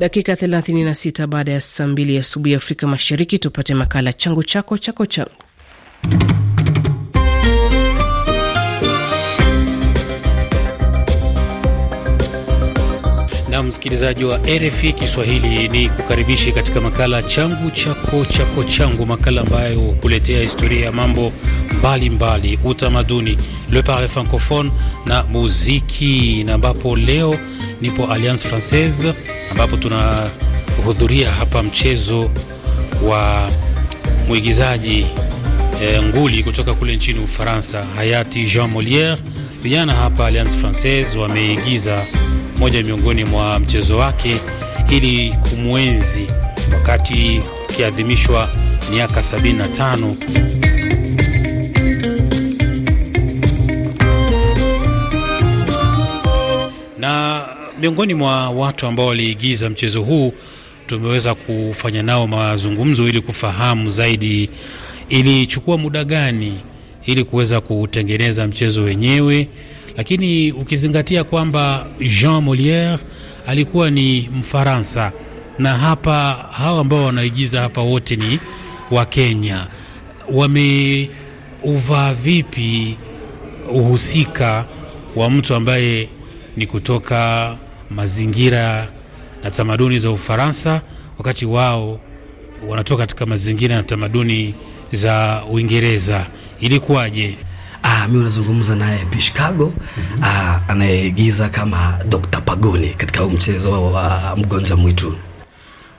Dakika 36 baada ya saa 2 asubuhi Afrika Mashariki, tupate makala changu chako chako changu. na msikilizaji wa RFI Kiswahili ni kukaribishi katika makala changu chako chako changu, makala ambayo kuletea historia ya mambo mbalimbali, utamaduni, le parle francophone na muziki, na ambapo leo nipo Alliance Francaise ambapo tunahudhuria hapa mchezo wa mwigizaji e, nguli kutoka kule nchini Ufaransa, hayati Jean Moliere. Vijana hapa Alliance Francaise wameigiza moja miongoni mwa mchezo wake ili kumwenzi wakati ukiadhimishwa miaka 75. miongoni mwa watu ambao waliigiza mchezo huu tumeweza kufanya nao mazungumzo ili kufahamu zaidi ilichukua muda gani ili kuweza kutengeneza mchezo wenyewe lakini ukizingatia kwamba Jean Moliere alikuwa ni Mfaransa na hapa hawa ambao wanaigiza hapa wote ni Wakenya, wameuvaa vipi uhusika wa mtu ambaye ni kutoka mazingira na tamaduni za Ufaransa wakati wao wanatoka katika mazingira na tamaduni za Uingereza? Ilikuwaje? ah, mi unazungumza naye Pishkago mm -hmm. ah, anayeigiza kama Dr. Pagoni katika mchezo wa mgonjwa mwitu.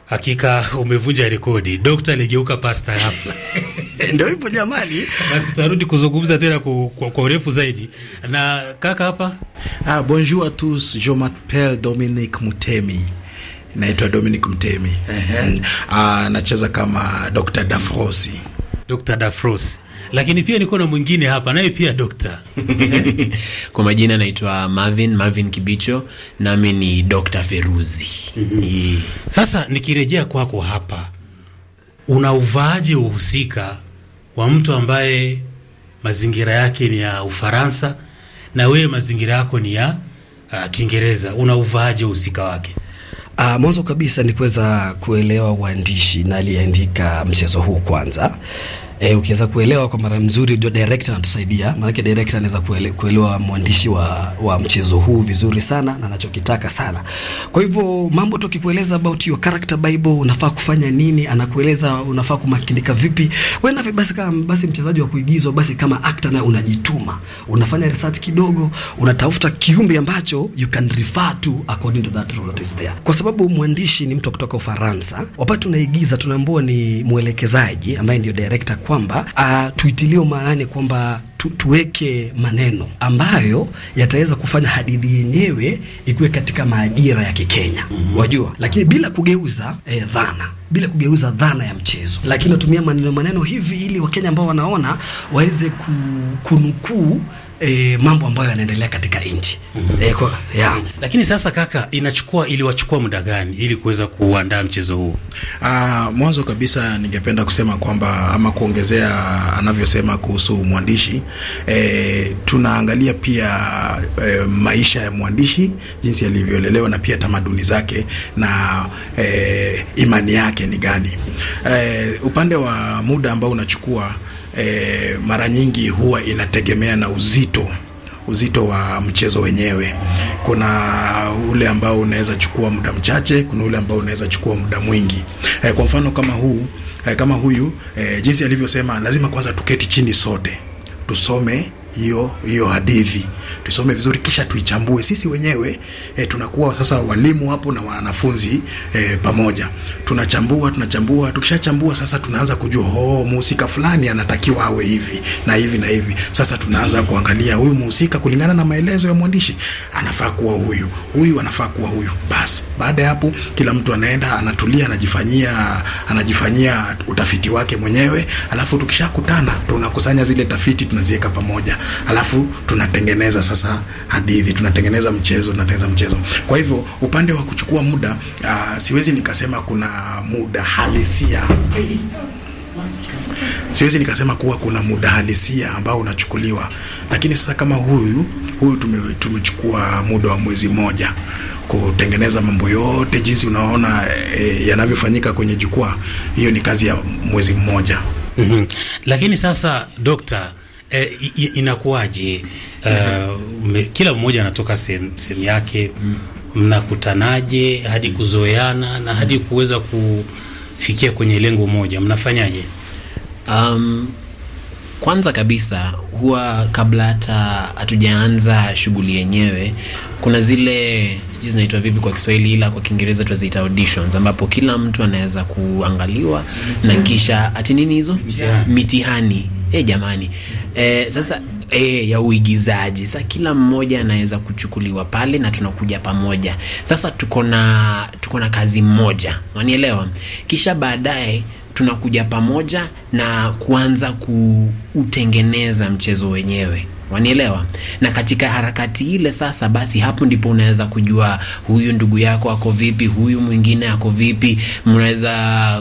Hakika umevunja rekodi, dokta aligeuka pasta hapa. Ndio hivyo jamani. Basi tutarudi kuzungumza tena kwa urefu zaidi na kaka hapa. Ah, bonjour a tous, je m'appelle Dominic Mutemi. Naitwa Dominic Mtemi. Uh -huh. Ah, nacheza kama Dr. Dafrosi. Dr. Dafrosi lakini pia niko na mwingine hapa naye pia dokta kwa majina naitwa Marvin Marvin Kibicho, nami ni Dr. Feruzi. Mhm. Sasa nikirejea kwako kwa hapa, uvaaje uhusika wa mtu ambaye mazingira yake ni ya Ufaransa na wewe mazingira yako ni ya uh, Kiingereza, uvaaje uhusika wake? Uh, mwanzo kabisa ni kuweza kuelewa uandishi na aliyeandika mchezo huu kwanza e, ukiweza kuelewa kwa mara mzuri, ndio director anatusaidia, maanake director anaweza kuele, kuelewa mwandishi wa, wa mchezo huu vizuri sana na anachokitaka sana. Kwa hivyo mambo tukikueleza about your character bible, unafaa kufanya nini, anakueleza unafaa kumakinika vipi wewe na basi, kama basi mchezaji wa kuigizwa, basi kama actor na unajituma, unafanya research kidogo, unatafuta kiumbe ambacho you can refer to according to that role that is there, kwa sababu mwandishi ni mtu kutoka Ufaransa, wakati tunaigiza tunaambua ni mwelekezaji ambaye ndio director kwamba uh, tuitilio maanani kwamba tu, tuweke maneno ambayo yataweza kufanya hadithi yenyewe ikuwe katika maadira ya Kikenya mm -hmm. Wajua, lakini bila kugeuza eh, dhana bila kugeuza dhana ya mchezo, lakini natumia maneno maneno hivi ili Wakenya ambao wanaona waweze kunukuu e, mambo ambayo yanaendelea katika nchi mm -hmm. E, eh, yeah. Lakini sasa kaka, inachukua iliwachukua muda gani ili kuweza kuandaa mchezo huu? Uh, mwanzo kabisa ningependa kusema kwamba ama kuongezea anavyosema kuhusu mwandishi e, tunaangalia pia e, maisha ya mwandishi jinsi yalivyolelewa na pia tamaduni zake na e, imani yake ni gani. E, upande wa muda ambao unachukua e, mara nyingi huwa inategemea na uzito uzito wa mchezo wenyewe. Kuna ule ambao unaweza chukua muda mchache, kuna ule ambao unaweza chukua muda mwingi. E, kwa mfano kama huu e, kama huyu e, jinsi alivyosema, lazima kwanza tuketi chini sote tusome hiyo hiyo hadithi tusome vizuri, kisha tuichambue sisi wenyewe e, tunakuwa sasa walimu hapo na wanafunzi e, pamoja tunachambua tunachambua. Tukishachambua sasa tunaanza kujua oh, muhusika fulani anatakiwa awe hivi na hivi na hivi. Sasa tunaanza kuangalia huyu muhusika kulingana na maelezo ya mwandishi, anafaa kuwa huyu huyu, anafaa kuwa huyu. Basi baada ya hapo, kila mtu anaenda anatulia, anajifanyia anajifanyia utafiti wake mwenyewe, alafu tukishakutana tunakusanya zile tafiti tunaziweka pamoja alafu tunatengeneza sasa hadithi, tunatengeneza mchezo, tunatengeneza mchezo. Kwa hivyo upande wa kuchukua muda, uh, siwezi nikasema kuna muda halisia siwezi nikasema kuwa kuna muda halisia ambao unachukuliwa, lakini sasa kama huyu huyu tumechukua muda wa mwezi mmoja kutengeneza mambo yote jinsi unaona e, yanavyofanyika kwenye jukwaa. Hiyo ni kazi ya mwezi mmoja. mm -hmm. Lakini sasa dokta eh, inakuwaje? Uh, kila mmoja anatoka sehemu yake, mnakutanaje hadi kuzoeana na hadi kuweza kufikia kwenye lengo moja, mnafanyaje? Um, kwanza kabisa huwa kabla hata hatujaanza shughuli yenyewe, kuna zile sijui zinaitwa vipi kwa Kiswahili, ila kwa Kiingereza tunaziita auditions, ambapo kila mtu anaweza kuangaliwa mm -hmm. na kisha ati nini hizo mitihani hey, eh, jamani e, sasa e, ya uigizaji sasa, kila mmoja anaweza kuchukuliwa pale na tunakuja pamoja. Sasa tuko na tuko na kazi moja, unanielewa? Kisha baadaye tunakuja pamoja na kuanza kuutengeneza mchezo wenyewe wanielewa. Na katika harakati ile sasa, basi hapo ndipo unaweza kujua huyu ndugu yako ako vipi, huyu mwingine ako vipi, mnaweza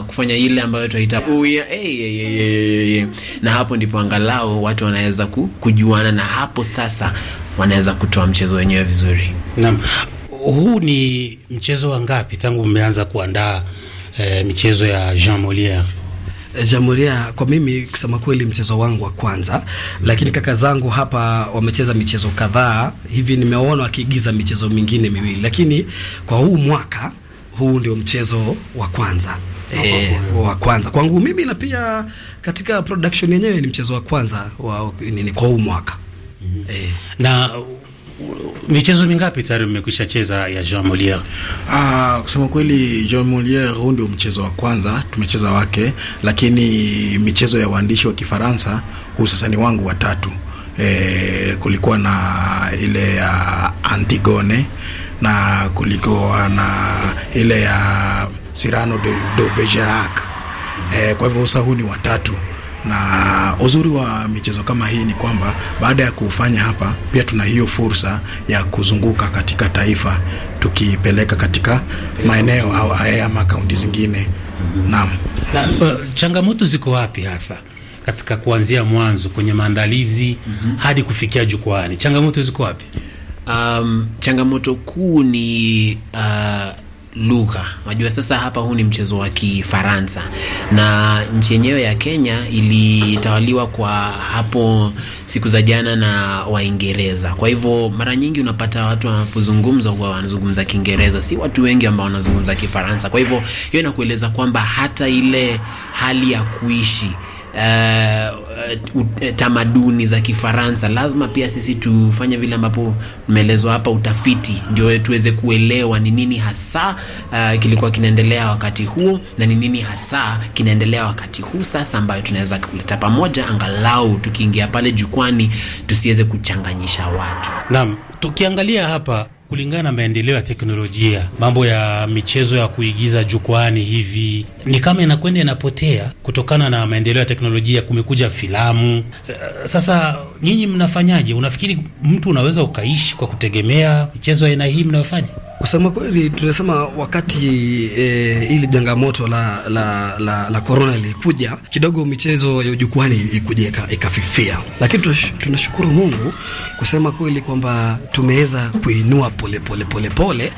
kufanya ile ambayo tunaita uya, hey, hey, hey, hey, hey. Na hapo ndipo angalau watu wanaweza kujuana, na hapo sasa wanaweza kutoa mchezo wenyewe vizuri. Naam, huu ni mchezo wa ngapi tangu mmeanza kuandaa eh, michezo ya Jean Moliere? Jamuria kwa mimi kusema kweli, mchezo wangu wa kwanza, lakini kaka zangu hapa wamecheza michezo kadhaa hivi, nimeona wakiigiza michezo mingine miwili, lakini kwa huu mwaka huu ndio mchezo wa kwanza e, wa kwanza kwangu mimi, na pia katika production yenyewe ni mchezo wa kwanza wa, ni, ni kwa huu mwaka mm -hmm. e. na michezo mingapi tayari mmekwisha cheza ya Jean Moliere? Ah, kusema kweli Jean Moliere huu ndio mchezo wa kwanza tumecheza wake, lakini michezo ya waandishi wa Kifaransa huu sasa ni wangu watatu. E, kulikuwa na ile ya Antigone na kulikuwa na ile ya Cyrano de, de Bergerac. E, kwa hivyo sasa huu ni watatu na uzuri wa michezo kama hii ni kwamba baada ya kufanya hapa, pia tuna hiyo fursa ya kuzunguka katika taifa tukipeleka katika maeneo au ama kaunti zingine. Naam, na, uh, changamoto ziko wapi hasa katika kuanzia mwanzo kwenye maandalizi mm -hmm. hadi kufikia jukwani changamoto ziko wapi? Um, changamoto kuu ni uh, lugha. Unajua sasa hapa huu ni mchezo wa Kifaransa na nchi yenyewe ya Kenya ilitawaliwa kwa hapo siku za jana na Waingereza. Kwa hivyo mara nyingi unapata watu wanapozungumza huwa wanazungumza Kiingereza, si watu wengi ambao wanazungumza Kifaransa. Kwa hivyo hiyo inakueleza kwamba hata ile hali ya kuishi uh, tamaduni za Kifaransa, lazima pia sisi tufanye vile ambapo tumeelezwa hapa, utafiti ndio tuweze kuelewa ni nini hasa uh, kilikuwa kinaendelea wakati huo na ni nini hasa kinaendelea wakati huu sasa, ambayo tunaweza kuleta pamoja, angalau tukiingia pale jukwani tusiweze kuchanganyisha watu. Naam, tukiangalia hapa kulingana na maendeleo ya teknolojia, mambo ya michezo ya kuigiza jukwani hivi ni kama inakwenda inapotea kutokana na maendeleo ya teknolojia. Kumekuja filamu. Eh, sasa nyinyi mnafanyaje? Unafikiri mtu unaweza ukaishi kwa kutegemea michezo ya aina hii mnayofanya? Kusema kweli tunasema wakati e, ili jangamoto la la la, la corona ilikuja kidogo, michezo ya jukwani ikuja ikafifia, lakini tunashukuru Mungu kusema kweli kwamba tumeweza kuinua polepole polepole pole,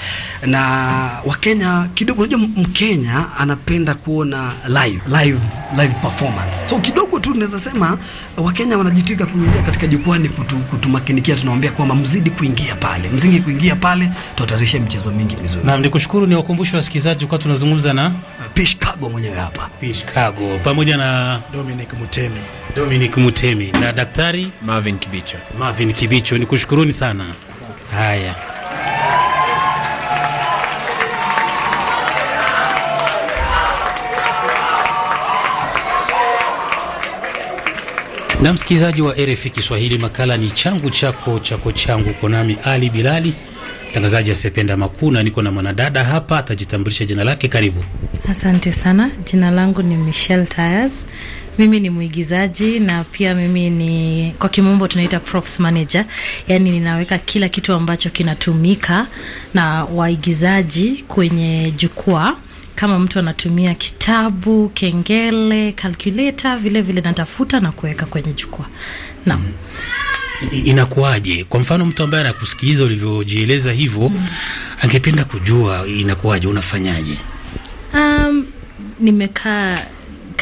na Wakenya kidogo, unajua Mkenya anapenda kuona live live live performance, so kidogo tu tunaweza sema Wakenya wanajitika kuingia katika jukwani kutu, kutumakinikia, tunawaambia kwamba mzidi kuingia pale, mzingi kuingia pale tutatarisha michezo mingi mizuri. Naam, nikushukuru, ni wakumbushe wasikilizaji kwa tunazungumza na Pish ah, Kago mwenyewe hapa. Pish Kago pamoja na Dominic Mutemi. Dominic Mutemi na Daktari Marvin Kibicho. Marvin Kibicho, nikushukuruni sana. Haya. Na msikilizaji wa RFI Kiswahili, makala ni changu chako chako changu, uko nami Ali Bilali mtangazaji asiyependa makuna. Niko na mwanadada hapa, atajitambulisha jina lake. Karibu. Asante sana, jina langu ni Michelle Tyers. Mimi ni mwigizaji na pia mimi ni kwa kimombo tunaita props manager, yaani ninaweka kila kitu ambacho kinatumika na waigizaji kwenye jukwaa kama mtu anatumia kitabu, kengele, calculator, vile vile natafuta na kuweka kwenye jukwaa. Naam inakuwaje? Kwa mfano mtu ambaye anakusikiliza ulivyojieleza hivyo mm. angependa kujua inakuwaje, unafanyaje? Um, nimekaa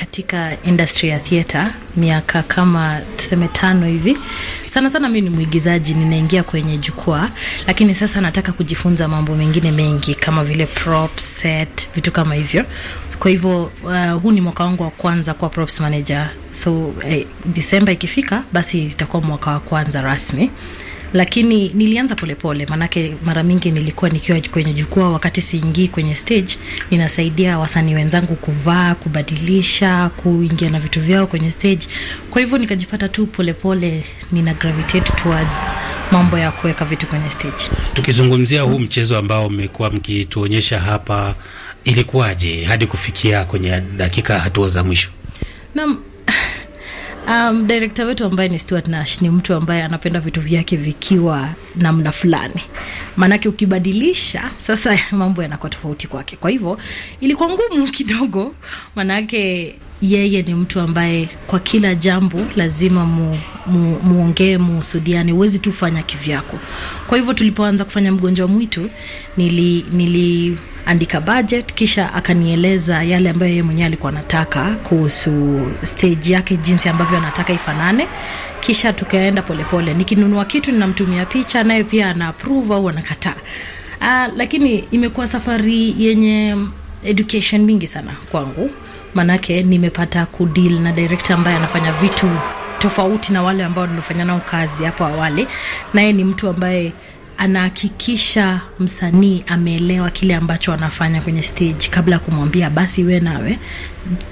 katika industry ya theater miaka kama tuseme tano hivi. Sana sana mi ni mwigizaji, ninaingia kwenye jukwaa, lakini sasa nataka kujifunza mambo mengine mengi kama vile prop set, vitu kama hivyo. Kwa hivyo uh, huu ni mwaka wangu wa kwanza kuwa props manager, so eh, Disemba ikifika basi itakuwa mwaka wa kwanza rasmi lakini nilianza polepole, maanake mara mingi nilikuwa nikiwa kwenye jukwaa, wakati siingii kwenye stage, ninasaidia wasanii wenzangu kuvaa, kubadilisha, kuingia na vitu vyao kwenye stage. Kwa hivyo nikajipata tu polepole, nina gravitate towards mambo ya kuweka vitu kwenye stage. Tukizungumzia huu mchezo ambao mmekuwa mkituonyesha hapa, ilikuwaje hadi kufikia kwenye dakika hatua za mwisho? Naam. Um, director wetu ambaye ni Stuart Nash ni mtu ambaye anapenda vitu vyake vikiwa namna fulani, maanake ukibadilisha sasa mambo yanakuwa tofauti kwake. Kwa hivyo ilikuwa ngumu kidogo, maanake yeye ni mtu ambaye kwa kila jambo lazima mu, mu, muongee muhusudiane, huwezi tu fanya kivyako. Kwa hivyo tulipoanza kufanya mgonjwa mwitu nili, niliandika budget, kisha akanieleza yale ambayo yeye mwenyewe alikuwa anataka kuhusu stage yake, jinsi ambavyo anataka ifanane. Kisha tukaenda polepole, nikinunua kitu ninamtumia picha, naye pia ana approve au anakataa. Uh, lakini imekuwa safari yenye education mingi sana kwangu manake nimepata kudil na director ambaye anafanya vitu tofauti na wale ambao nimefanya nao kazi hapo awali, naye ni mtu ambaye anahakikisha msanii ameelewa kile ambacho anafanya kwenye stage kabla ya kumwambia basi we nawe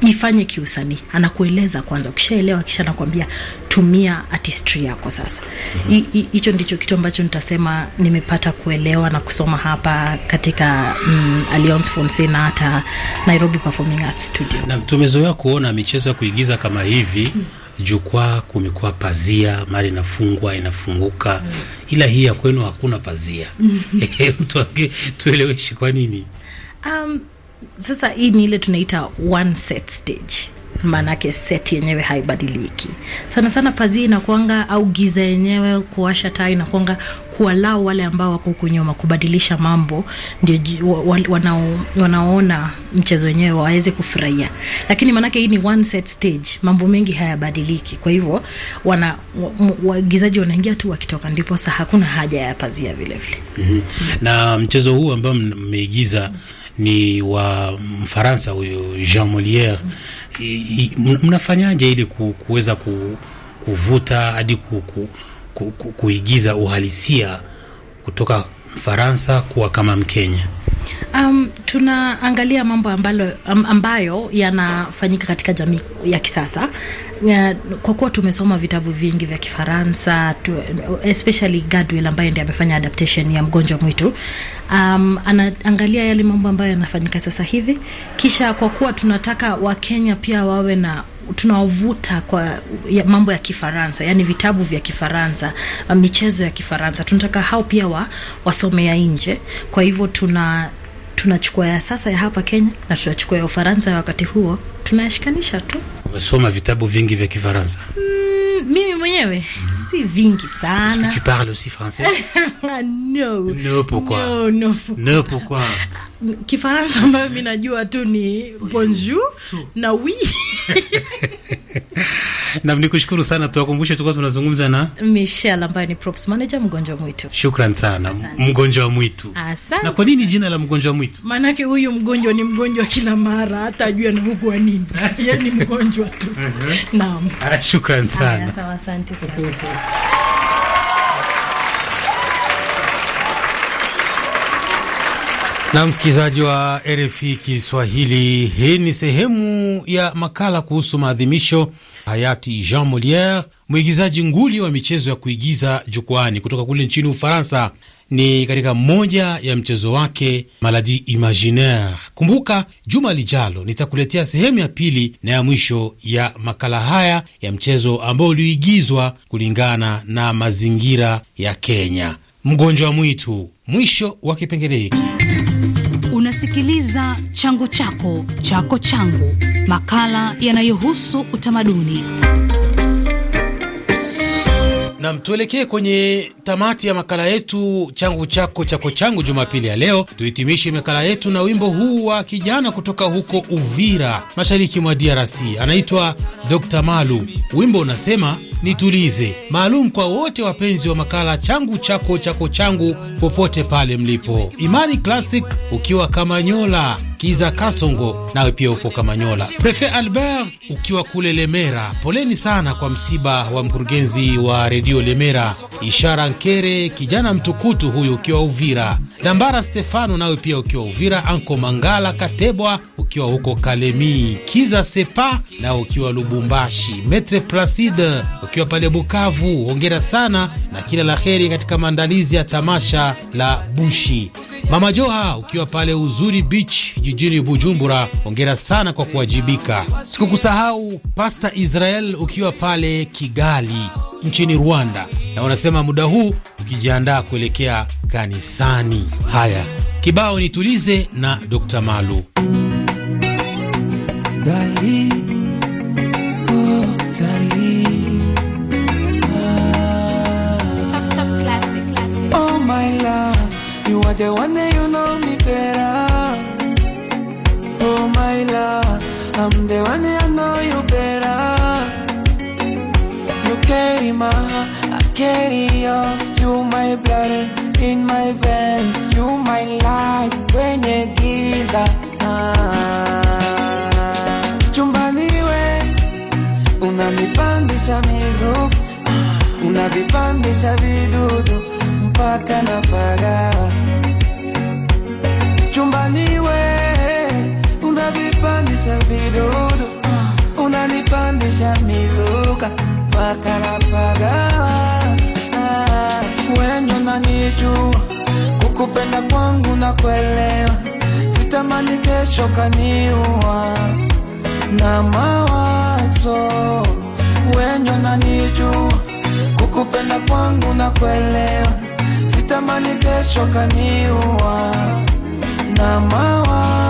ifanye kiusanii. Anakueleza kwanza, ukishaelewa kisha anakuambia tumia artistry yako sasa. Mhm. Hicho ndicho kitu ambacho nitasema nimepata kuelewa na kusoma hapa katika mm, Alliance Francaise na hata Nairobi Performing Arts Studio. Na tumezoea kuona michezo ya kuigiza kama hivi mm -hmm jukwaa kumekuwa pazia, mara inafungwa inafunguka, mm. ila hii ya kwenu hakuna pazia mtu mm-hmm. age tueleweshi kwa nini? Um, sasa hii ni ile tunaita one set stage maanake seti yenyewe haibadiliki sana sana. Pazia inakuanga au giza yenyewe kuwasha taa inakuanga kuwalau wale ambao wako huku nyuma kubadilisha mambo, ndio wanao, wanaona mchezo wenyewe waweze kufurahia. Lakini maanake hii ni one set stage, mambo mengi hayabadiliki. Kwa hivyo wana waigizaji wanaingia tu wakitoka, ndipo sasa hakuna haja ya pazia vile vile. mm -hmm. mm -hmm. na mchezo huu ambao mmeigiza ni wa Mfaransa huyu Jean Moliere. Mnafanyaje ili kuweza kuvuta hadi ku, ku, kuigiza uhalisia kutoka Mfaransa kuwa kama Mkenya? Um, tunaangalia mambo ambalo, ambayo yanafanyika katika jamii ya kisasa kwa kuwa tumesoma vitabu vingi vya Kifaransa tu, especially Gadwell ambaye ndiye amefanya adaptation ya Mgonjwa Mwitu. Um, anaangalia yale mambo ambayo yanafanyika sasa hivi, kisha kwa kuwa tunataka Wakenya pia wawe na tunawavuta kwa ya mambo ya Kifaransa, yani vitabu vya Kifaransa, uh, michezo ya Kifaransa. Tunataka hao pia wa, wasomea nje. Kwa hivyo tuna tunachukua ya sasa ya hapa Kenya na tunachukua ya Ufaransa ya wakati huo, tunayashikanisha tu. Umesoma vitabu vingi vya Kifaransa? Mm, mimi mwenyewe mm. si vingi sana. Tu parles aussi français? No. No, pourquoi? No, no, no, pourquoi? Kifaransa ambayo mimi najua tu ni bonjour na oui Nam, ni kushukuru sana. Tuwakumbushe tukuwa tunazungumza na Michelle ambaye ni props manager mgonjwa mwitu. Shukran sana mgonjwa mwitu. Asante. Na kwa nini jina la mgonjwa mwitu? Maanake huyu mgonjwa ni mgonjwa kila mara, hata ajui anaugua nini. Yeye ni mgonjwa tu. Uh-huh. Naam. Ah, shukran sana. Asante sana. na msikilizaji wa RFI Kiswahili, hii ni sehemu ya makala kuhusu maadhimisho hayati Jean Moliere, mwigizaji nguli wa michezo ya kuigiza jukwani kutoka kule nchini Ufaransa. Ni katika moja ya mchezo wake Maladi Imaginaire. Kumbuka juma lijalo nitakuletea sehemu ya pili na ya mwisho ya makala haya ya mchezo ambao uliigizwa kulingana na mazingira ya Kenya, mgonjwa mwitu. Mwisho wa kipengele hiki unasikiliza Changu Chako Chako Changu, makala yanayohusu utamaduni. Nam, tuelekee kwenye tamati ya makala yetu changu chako chako changu Jumapili ya leo. Tuhitimishe makala yetu na wimbo huu wa kijana kutoka huko Uvira, mashariki mwa DRC, anaitwa Dr Malu. Wimbo unasema nitulize, maalum kwa wote wapenzi wa makala changu chako chako changu, popote pale mlipo. Imani Classic ukiwa Kamanyola Kiza Kasongo, nawe pia upo Kamanyola. Prefe Albert, ukiwa kule Lemera, poleni sana kwa msiba wa mkurugenzi wa redio Lemera Ishara Nkere, kijana mtukutu huyu, ukiwa Uvira. Dambara Stefano, nawe pia ukiwa Uvira. Anko Mangala Katebwa, ukiwa huko Kalemi. Kiza Sepa, na ukiwa Lubumbashi. Metre Placide, ukiwa pale Bukavu, hongera sana na kila la heri katika maandalizi ya tamasha la Bushi. Mama Joha, ukiwa pale Uzuri Beach jijini Bujumbura, hongera sana kwa kuwajibika. Sikukusahau Pasta Israel ukiwa pale Kigali nchini Rwanda, na wanasema muda huu ukijiandaa kuelekea kanisani. Haya, kibao nitulize na Dr. Malu Dali. Oh, Someday one day I know you better. You carry my heart, I carry yours. You my blood in my veins. You my light when you giza. Ah. Chumbani we una mizuki, unavipandisha vidudu mpaka na pagaa kidudu, unanipandisha mizuka mpaka napagawa. Ah, Wenye unanijua kukupenda kwangu na kuelewa, sitamani kesho kaniua na mawazo. Wenye unanijua kukupenda kwangu na kuelewa, sitamani kesho kaniua na mawazo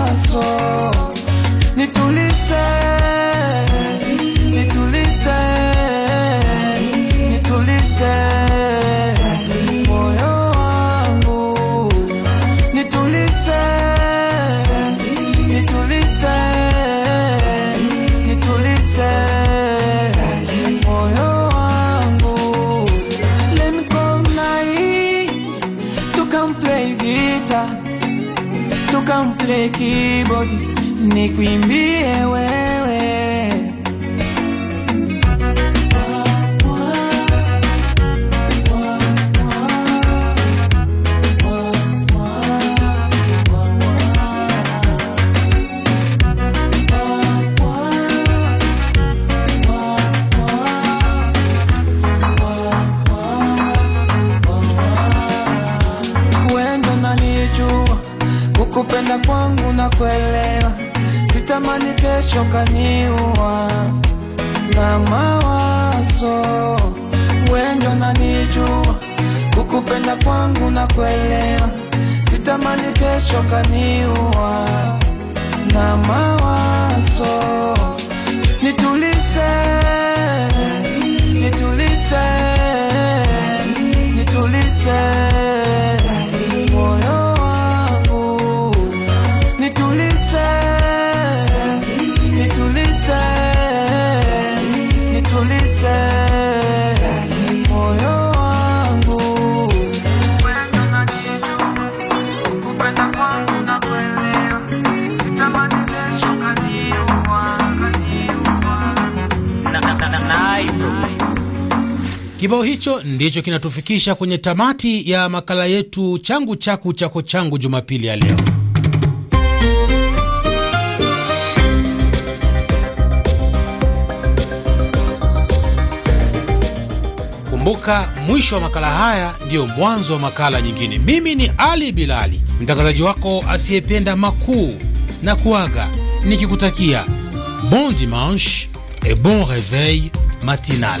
e nilichokaniwa na mawazo, wendo nanijua, kukupenda kwangu na kuelewa, sitamani kesho kaniua na mawazo, nitulise nitulise, nitulise, nitulise Kibao hicho ndicho kinatufikisha kwenye tamati ya makala yetu changu chaku chako changu Jumapili ya leo. Kumbuka, mwisho wa makala haya ndiyo mwanzo wa makala nyingine. Mimi ni Ali Bilali, mtangazaji wako asiyependa makuu, na kuaga nikikutakia bon dimanche et bon reveil matinal.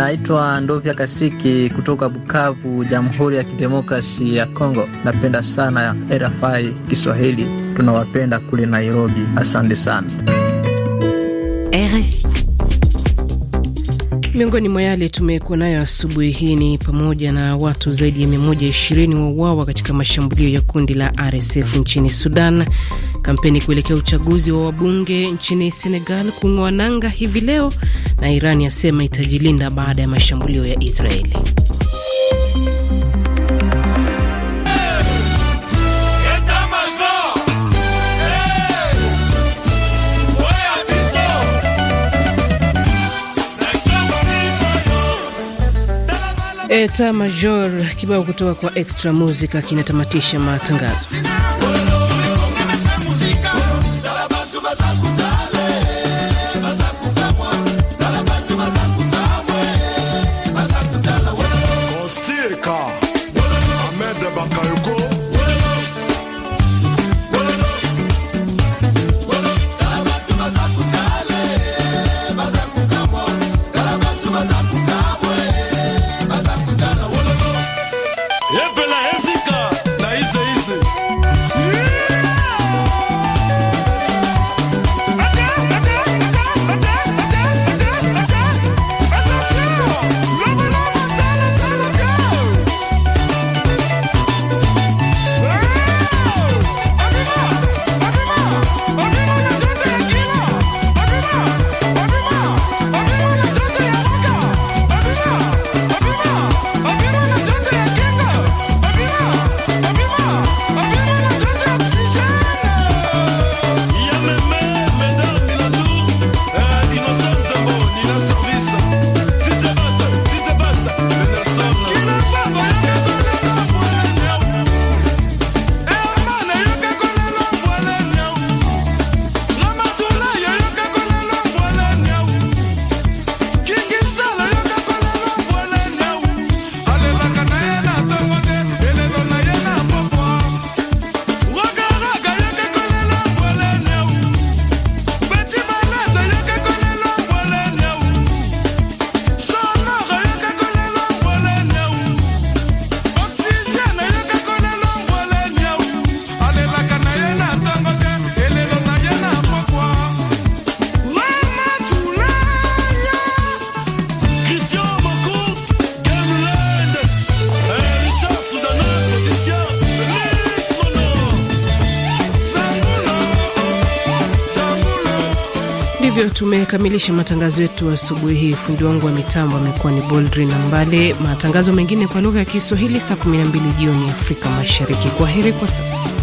Naitwa Ndovya Kasiki kutoka Bukavu, Jamhuri ya Kidemokrasi ya Kongo. Napenda sana RFI Kiswahili, tunawapenda kule Nairobi. Asante sana RFI. Miongoni mwa yale tumekuwa nayo asubuhi hii ni pamoja na watu zaidi ya 120 wauawa katika mashambulio ya kundi la RSF nchini Sudan. Kampeni kuelekea uchaguzi wa wabunge nchini Senegal kung'oa nanga hivi leo, na Iran yasema itajilinda baada ya mashambulio ya Israeli. Eta Major kibao kutoka kwa Extra Musica kinatamatisha matangazo. hivyo tumekamilisha matangazo yetu asubuhi hii. Fundi wangu wa mitambo amekuwa ni Boldri na Mbale. Matangazo mengine kwa lugha ya Kiswahili saa 12 jioni Afrika Mashariki. Kwa heri kwa sasa.